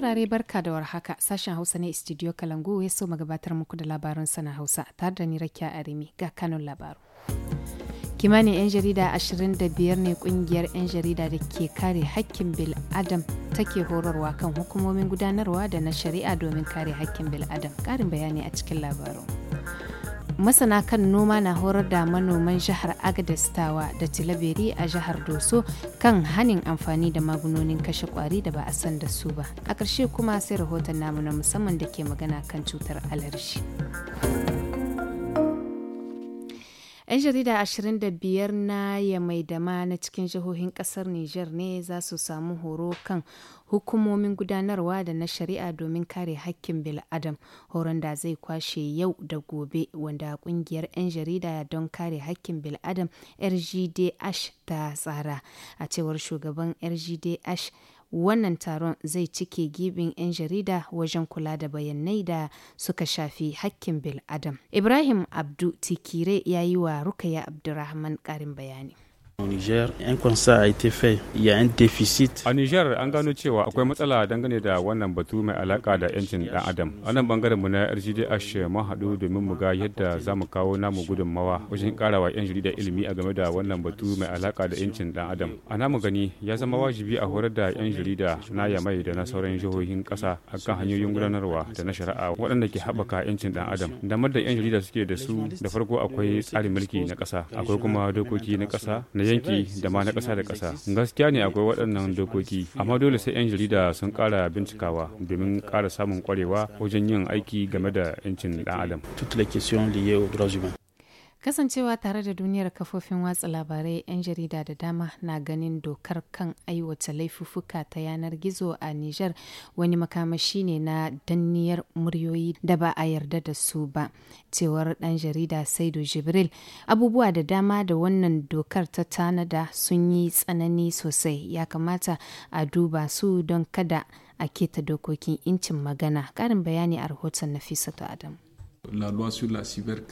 saurare barka da warhaka sashen Hausa ne Studio Kalangu ya so magabatar muku da labarin sana Hausa tare da ni Rakiya Arimi ga kanun labaru. Kimanin 'yan jarida 25 ne kungiyar 'yan jarida da ke kare hakkin bil Adam take horarwa kan hukumomin gudanarwa da na shari'a domin kare hakkin bil Adam. Karin bayani a cikin labarin. masana kan noma na horar da manoman jihar agadastawa da tilaberi a jihar doso kan hanin amfani da magunonin kashe kwari da ba a san da su ba a ƙarshe kuma sai rahoton namu na musamman da ke magana kan cutar alarshi. 'Yan jarida 25 na ya da ma na cikin jihohin kasar niger ne za su samu horo kan hukumomin gudanarwa da na shari'a domin kare hakkin bil'adam. Horon da zai kwashe yau da gobe wanda kungiyar 'yan jarida don kare hakkin bil'adam RGDH ta tsara. A cewar shugaban RGDH wannan taron zai cike gibin 'yan jarida wajen kula da bayanai da suka shafi hakkin bil'adam ibrahim abdu tikire ya yi wa rukaya abdurrahman karin bayani A Niger an gano cewa akwai matsala dangane da wannan batu mai alaka da 'yancin dan adam. A nan bangaren mu na RGDH mun haɗu domin mu ga yadda za mu kawo namu gudunmawa wajen karawa 'yan jarida ilimi a game da wannan batu mai alaka da 'yancin dan adam. A mu gani ya zama wajibi a horar da 'yan jarida na Yamai da na sauran jihohin ƙasa akan hanyoyin gudanarwa da na shari'a waɗanda ke haɓaka 'yancin dan adam. da da 'yan jarida suke da su da farko akwai tsarin mulki na ƙasa akwai kuma dokoki na ƙasa na yanki da ma na ƙasa da ƙasa gaskiya ne akwai waɗannan dokoki amma dole sai 'yan jarida sun ƙara bincikawa domin ƙara samun ƙwarewa wajen yin aiki game da 'yancin ɗan adam Kasancewa tare da duniyar kafofin watsa labarai 'yan jarida da dama na ganin dokar kan aiwata laifuffuka ta yanar gizo a Nijar wani makamashi ne na danniyar muryoyi da ba a yarda da su ba. Cewar ɗan jarida Saidu Jibril, abubuwa da dama da wannan dokar ta tanada sun yi tsanani sosai ya kamata a duba su don kada a keta dokokin incin magana. karin bayani a rahoton Nafisatu Adam.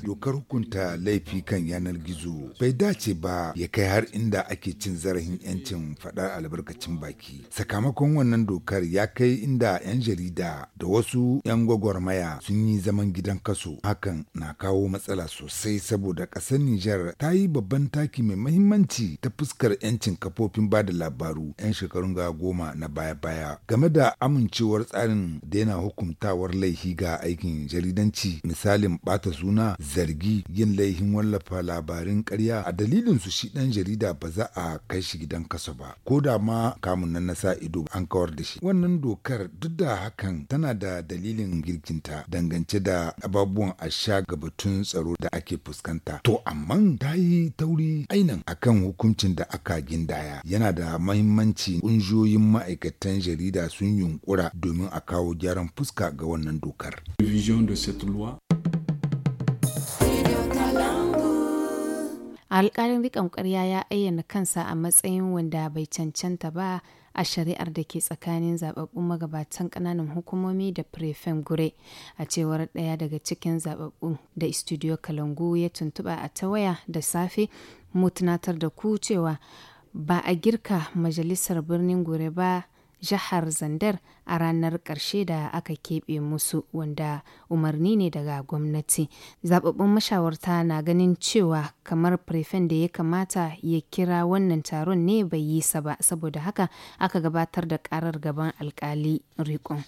dokar hukunta laifi kan yanar gizo bai dace ba ya kai har inda ake cin zarafin yancin faɗar albarkacin baki sakamakon wannan dokar ya kai inda 'yan jarida da wasu 'yan gwagwarmaya sun yi zaman gidan kaso hakan na kawo matsala sosai saboda ƙasar nijar ta yi babban taki mai mahimmanci ta fuskar 'yancin kafofin ba da labaru 'yan shekarun ga goma na baya-baya game da amincewar tsarin daina hukuntawar laifi ga aikin jaridanci misali misalin bata suna zargi yin laihin wallafa labarin karya a dalilin su shi dan jarida ba za a kai shi gidan kasa ba ko da ma kamun nan na sa ido an kawar da shi wannan dokar duk da hakan tana da dalilin girkinta dangance da ababuwan asha ga batun tsaro da ake fuskanta to amma ta yi tauri ainan akan hukuncin da aka gindaya yana da mahimmanci ƙungiyoyin ma'aikatan jarida sun yunkura domin a kawo gyaran fuska ga wannan dokar. alƙalin riƙon ƙarya ya ayyana kansa a matsayin wanda bai cancanta ba a shari'ar da ke tsakanin zababbun magabatan ƙananan hukumomi da prefen gure a cewar ɗaya daga cikin zababbun da studio kalangu ya tuntuɓa a ta waya da safe mutunatar da ku cewa ba a girka majalisar birnin gure ba jihar zandar a ranar ƙarshe da aka keɓe musu wanda umarni ne daga gwamnati zababbun mashawarta na ganin cewa kamar prefen da ya kamata ya kira wannan taron ne bai yi sa ba saboda haka aka gabatar da ƙarar gaban alkali rikon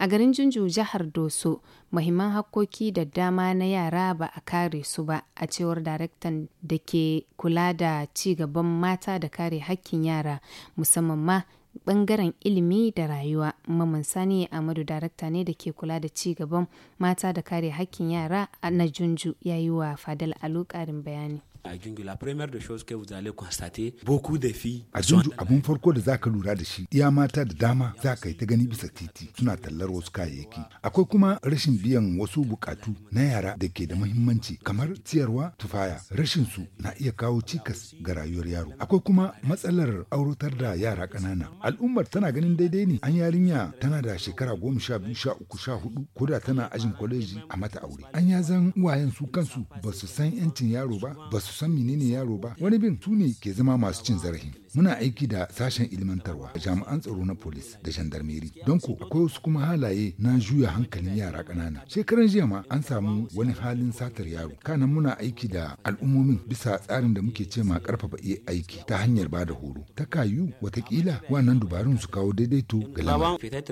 a garin junju jihar doso muhimman hakkoki da dama na yara ba a kare su ba a cewar daraktan da ke kula da ci gaban mata da kare hakkin yara musamman ma bangaren ilimi da rayuwa maman sani amadu darakta ne da ke kula da ci gaban mata da kare hakkin yara na junju ya yi wa fadal alu bayani à Gungu, la première des choses que vous allez constater, beaucoup de filles. A Gungu, abun farko da zaka lura da shi, iya mata da dama za ka yi ta gani bisa titi suna tallar wasu kayayyaki. Akwai kuma rashin biyan wasu bukatu na yara da ke da mahimmanci kamar ciyarwa tufaya. Rashin su na iya kawo cikas ga rayuwar yaro. Akwai kuma matsalar aurutar da yara ƙanana. Al'ummar tana ganin daidai ne an yarinya tana da shekara goma sha biyu sha uku sha hudu ko da tana ajin kwaleji a mata aure. An ya zan uwayen su kansu ba su san 'yancin yaro ba ba san menene yaro ba wani bin su ne ke zama masu cin zarafi muna aiki da sashen ilmantarwa jami'an tsaro na polis da jandarmeri. don ko akwai wasu kuma halaye na juya hankalin yara ƙanana shekaran jiya ma an samu wani halin satar yaro kanan muna aiki da al'ummomin bisa tsarin da muke cema karfafa iya aiki ta hanyar bada horo ta kayu watakila wannan dubarun su kawo daidaito ga lamarin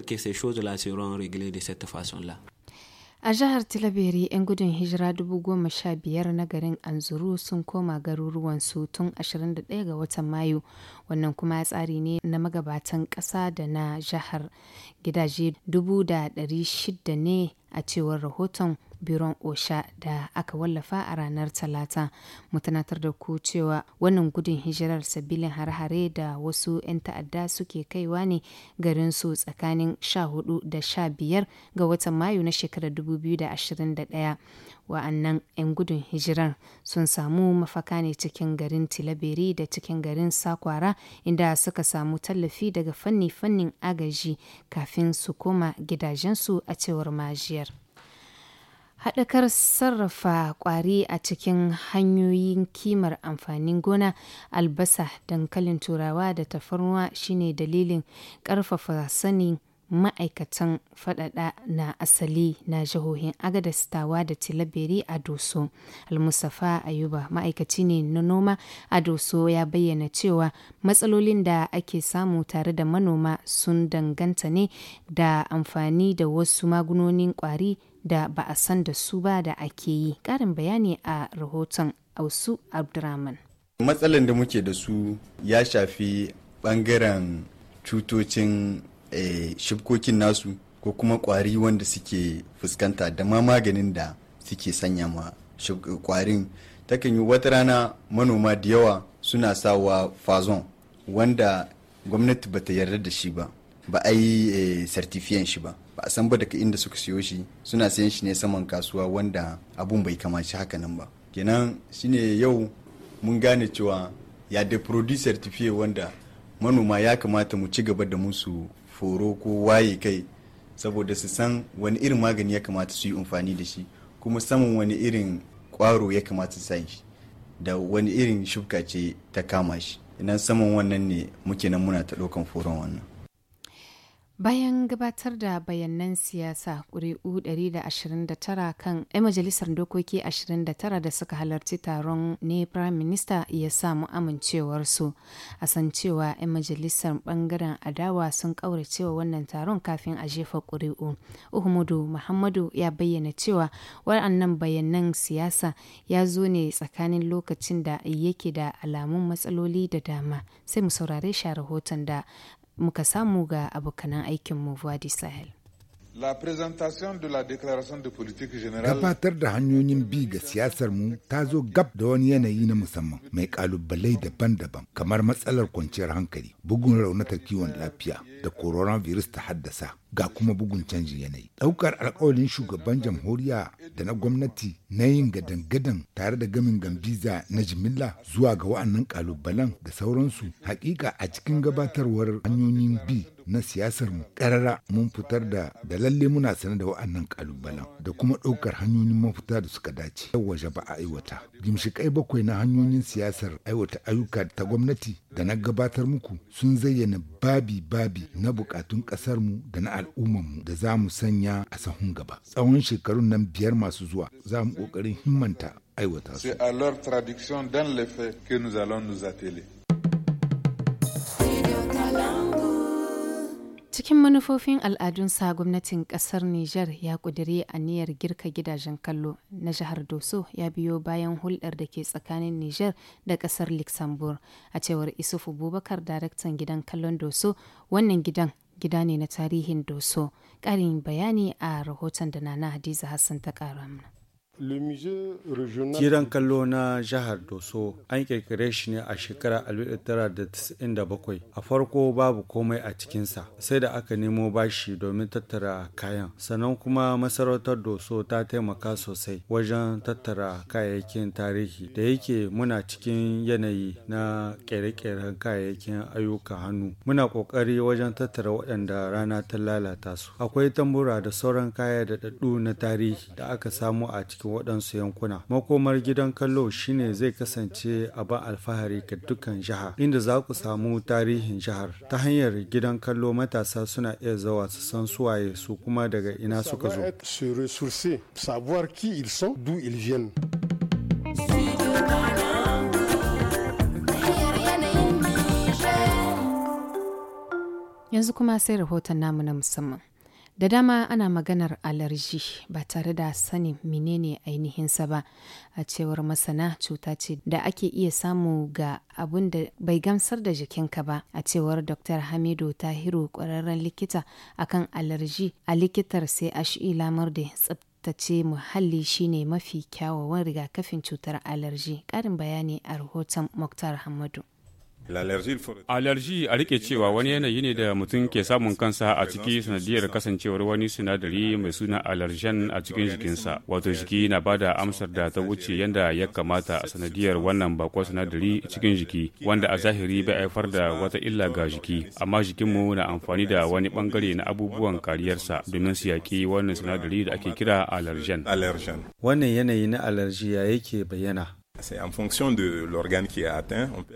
A jihar Tilaberi, 'yan gudun hijira dubu goma sha biyar na garin Anzuru sun koma garuruwansu tun 21 ga watan Mayu, wannan kuma tsari ne na magabatan ƙasa da na jihar gidaje dubu da ɗari shida ne a cewar rahoton biron osha da aka wallafa a ranar talata mu tunatar da ku cewa wannan gudun hijirar sabilin har-hare da wasu 'yan ta'adda suke kaiwa ne garin su tsakanin 14 da 15 ga watan mayu na shekarar 2021 wa'annan 'yan gudun hijirar sun samu mafaka ne cikin garin tilaberi da cikin garin sakwara inda suka samu tallafi daga fanni-fannin agaji kafin su koma gidajensu a cewar majiyar. haɗakar sarrafa ƙwari a cikin hanyoyin kimar amfanin gona albasa dankalin turawa da tafarnuwa shine dalilin ƙarfafa sanin ma'aikatan faɗaɗa na asali na jihohin agadastawa stawa da tilaberi a doso almusafa ayuba ma'aikaci ne na noma a doso ya bayyana cewa matsalolin da ake samu tare da manoma sun danganta ne da amfani da wasu magunonin kwari da ba a san da su ba da ake yi ƙarin bayani a rahoton ausu abdurrahman matsalan da muke da su ya shafi bangaren cutocin Eh, shibkokin nasu ko kuma kwari wanda suke fuskanta da ma maganin da suke sanya ma kwarin takan yi wata rana manoma da yawa suna sawa fazon wanda gwamnati bata yarda da shi ba ba a yi sartifiyan eh, shi ba ba a san ba daga inda suka siyo shi suna sayan shi ne saman kasuwa wanda abun bai kamaci haka nan ba kenan shine yau mun gane cewa ya da produce wanda manoma ya kamata mu ci gaba da musu foro ko waye kai saboda su san wani irin magani ya kamata su yi amfani da shi kuma saman wani irin kwaro ya kamata su shi da wani irin shubka ce ta kama shi idan saman wannan ne muke nan muna ta ɗaukan foron wannan Bayan gabatar da bayanan siyasa ƙuri'u 129 kan 'yan majalisar dokoki 29 da suka halarci taron ne Prime Minister ya samu amincewarsu. A san cewa 'yan majalisar bangaren adawa sun ƙauracewa wannan taron kafin a jefa ƙuri'u. Uhumudu Muhammadu ya bayyana cewa waɗannan bayanan siyasa ya zo ne tsakanin lokacin da yake da alamun matsaloli da dama. Sai mu saurare shi rahoton da muka samu ga abokanan aikinmu Vuadi Sahel. gabatar da hanyoyin bi ga siyasar mu ta zo gab da wani yanayi na musamman mai kalubalai daban-daban kamar matsalar kwanciyar hankali bugun raunatar kiwon lafiya da coronavirus ta haddasa ga kuma bugun canji yanayi. Ɗaukar alkawalin shugaban jamhuriya da na gwamnati na yin gadan-gadan tare da gamin gambiza na jimilla zuwa ga wa'annan ƙalubalen da sauransu hakika a cikin gabatarwar hanyoyin bi na siyasar mu karara mun fitar da da lalle muna sane da wa'annan ƙalubalen da kuma ɗaukar hanyoyin mafita da suka dace yau waje ba a aiwata kai bakwai na hanyoyin siyasar aiwata ayyuka ta gwamnati da na gabatar muku sun zayyana babi-babi na bukatun ƙasarmu da na mu da za mu sanya a sahun gaba. Tsawon shekarun nan biyar masu zuwa za mu ƙoƙarin himmanta aiwata su. C'est à leur traduction dans les faits que nous allons nous atteler. Cikin manufofin al'adun sa gwamnatin kasar Nijar ya ƙudiri aniyar girka gidajen kallo na jihar Doso ya biyo bayan hulɗar da ke tsakanin Nijar da kasar Luxembourg. A cewar Isufu Bubakar daraktan gidan kallon Doso, wannan gidan gida ne na tarihin Doso. Ƙarin bayani a rahoton da Nana Hadiza Hassan ta ƙara mana. Jiran kallo na jihar Doso an kirkire shi ne a shekara 1997. A farko babu komai a cikinsa, sai da aka nemo bashi domin tattara kayan. Sannan kuma masarautar Doso ta taimaka sosai wajen tattara kayayyakin tarihi da yake muna cikin yanayi na kere-keren kayayyakin ayyuka hannu. Muna ƙoƙari wajen tattara waɗanda rana ta lalata su. Akwai tambura da sauran kaya da na tarihi da aka samu a cikin cikin waɗansu yankuna makomar gidan kallo shine zai kasance a abin alfahari ga dukkan jihar inda za ku samu tarihin jihar ta hanyar gidan kallo matasa suna iya zawa su san suwaye su kuma daga ina suka zo yanzu kuma sai rahoton namu na musamman Da dama ana maganar alarji ba tare da sanin menene ainihin sa ba, a cewar masana cuta ce da ake iya samu ga abun da bai gamsar da jikinka ba, a cewar Dr. Hamidu Tahiru ƙwararren likita akan alarji a likitar sai a shi lamar da tsabtace muhalli shine mafi kyawawan rigakafin cutar alarji. karin bayani a rahoton Muktar Hamadu. Alerji a rike cewa wani yanayi ne da mutum ke samun kansa a ciki sanadiyar kasancewar wani sinadari mai suna allergen a cikin jikinsa. Wato jiki na bada amsar da ta wuce yadda ya kamata a sanadiyar wannan bakon sinadari cikin jiki wanda a zahiri bai haifar da wata illa ga jiki. Amma jikinmu na amfani da wani bangare na abubuwan kariyarsa domin su yaki wannan sinadari da ake kira allergen. Wannan yanayi na alerjiya ya yake bayyana.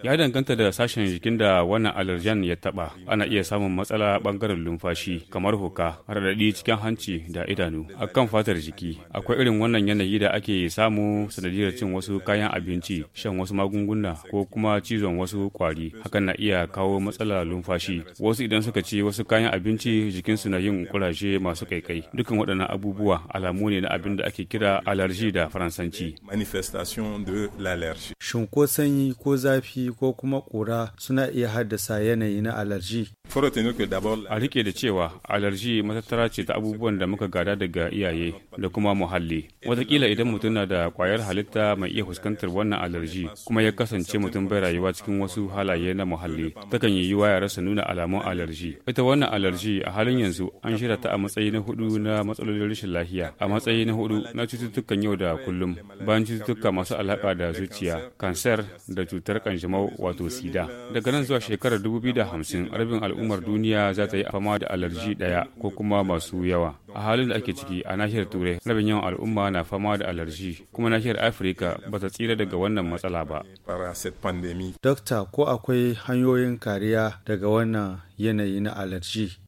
Ya danganta da sashen jikin da wannan allergen ya taba. Ana iya samun matsala bangaren lumfashi kamar hoka, raɗaɗi cikin hanci da idanu. Akan fatar jiki, akwai irin wannan yanayi da ake samu sanadiyar cin wasu kayan abinci, shan wasu magunguna ko kuma cizon wasu kwari. Hakan na iya kawo matsala lumfashi. Wasu idan suka ci wasu kayan abinci jikinsu na yin kuraje masu kaikai. Dukan waɗannan abubuwa alamu ne na abin da ake kira alerji da Faransanci. Manifestation de shi. Shin ko sanyi ko zafi ko kuma ƙura suna iya haddasa yanayi na alarji? a rike da cewa alarji matattara ce ta abubuwan da muka gada daga iyaye da kuma muhalli watakila idan mutum na da kwayar halitta mai iya fuskantar wannan alarji kuma ya kasance mutum bai rayuwa cikin wasu halaye na muhalli takan yi yiwa ya rasa nuna alamun alarji ita wannan alarji a halin yanzu an shirya ta a matsayi na hudu na matsalolin rashin lafiya a matsayi na hudu na cututtukan yau da kullum bayan cututtuka masu alaka da zuciya kansar da cutar kanjamau wato sida daga nan zuwa shekarar da hamsin rabin al'umma al'ummar duniya za ta yi fama da alarji ɗaya ko kuma masu yawa a halin da ake ciki a nahiyar turai rabin yawan al'umma na fama da alarji kuma nahiyar afirka ba ta tsira daga wannan matsala ba dokta ko akwai hanyoyin kariya daga wannan yanayi na alarji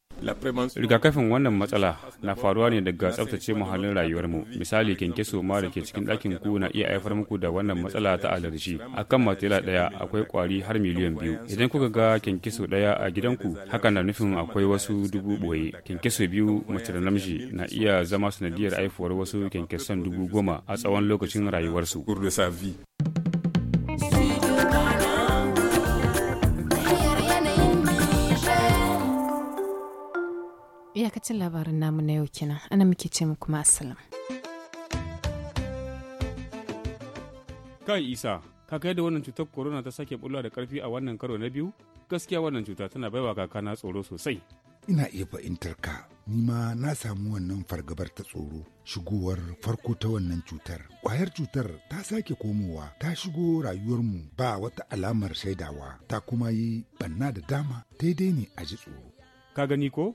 rigakafin wannan matsala na faruwa ne daga tsabtace muhallin rayuwarmu misali kyankyaso ma da ke cikin ɗakin ku na iya haifar muku da wannan matsala ta alarji akan matela ɗaya akwai kwari har miliyan biyu idan kuka ga kyankyaso ɗaya a gidanku haka na nufin akwai wasu dubu ɓoye so biyu mace da namiji na iya zama sanadiyar haifuwar wasu kyankyason dubu goma a tsawon lokacin rayuwarsu Iyakacin labarin namu na yau kenan, ana muke ce mu kuma assalam. Kai Isa, ka kai da wannan cutar corona ta sake bulwa da karfi a wannan karo na biyu gaskiya wannan cuta tana baiwa kaka na tsoro sosai ina iya fahimtar ka ni ma na samu wannan fargabar ta tsoro shigowar farko ta wannan cutar kwayar cutar ta sake komowa ta shigo rayuwarmu ba wata alamar shaidawa ta kuma yi banna da dama daidai ne a ji tsoro ka gani ko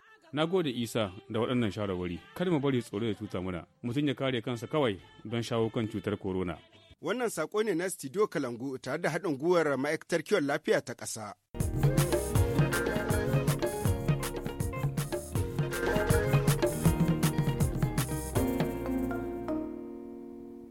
Na gode Isa da waɗannan shawarwari. kar mu bari tsoro ya cuta muna. Mutum ya kare kansa kawai don shawo kan cutar corona. Wannan saƙo ne na Studio Kalangu tare da haɗin gwiwar ma'aikatar kiwon lafiya ta ƙasa.